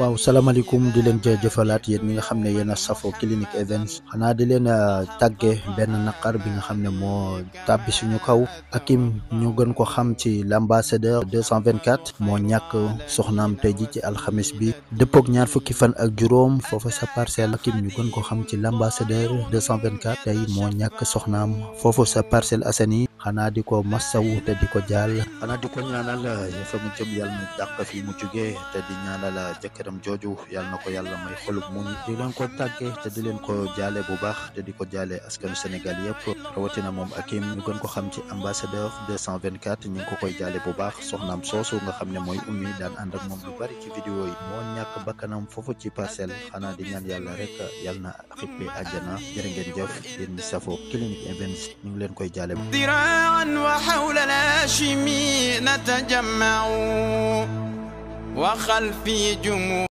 waaw salaamaaleykum di leen jëfalaat yéen ñi nga xam ne yéen a safo clinic events xanaa di leen euh, tàgge benn naqar bi nga xam ne moo tàbbi suñu kaw Hakim ñu gën ko xam ci l'ambassadeur 224 moo ñàkk soxnaam tey ji ci alxamis bi dëppook ñaar fukki fan ak juróom foofa sa parcelle Hakim ñu gën ko xam ci l'ambassadeur 224 tey moo ñàkk soxnaam foofu sa Parcelles Assainies xana di ko massawu te di ko jaal xanaa di ko ñaanal fa mu jëm yalla mu dakk fi mu jugge te di ñaanal jëkëram joju yalla nako yalla may xolub muñ di leen ko tagge te di leen ko jalle bu baax te di ko jaale askanu rawatina mom akim ñu gën ko xam ci ambassadeur 224 ñu ko koy jalle bu baax soxnam soso nga xamne moy ummi daan and ak mom lu bari ci vidéo yi mo ñak bakanam fofu ci parcel xana di ñaan yalla rek yalla na xippee aljana jërë ngeen jëf yeen safo clinique events ñu ngi leen koy jalle وحول الهاشمين تجمعوا وخلفي جموع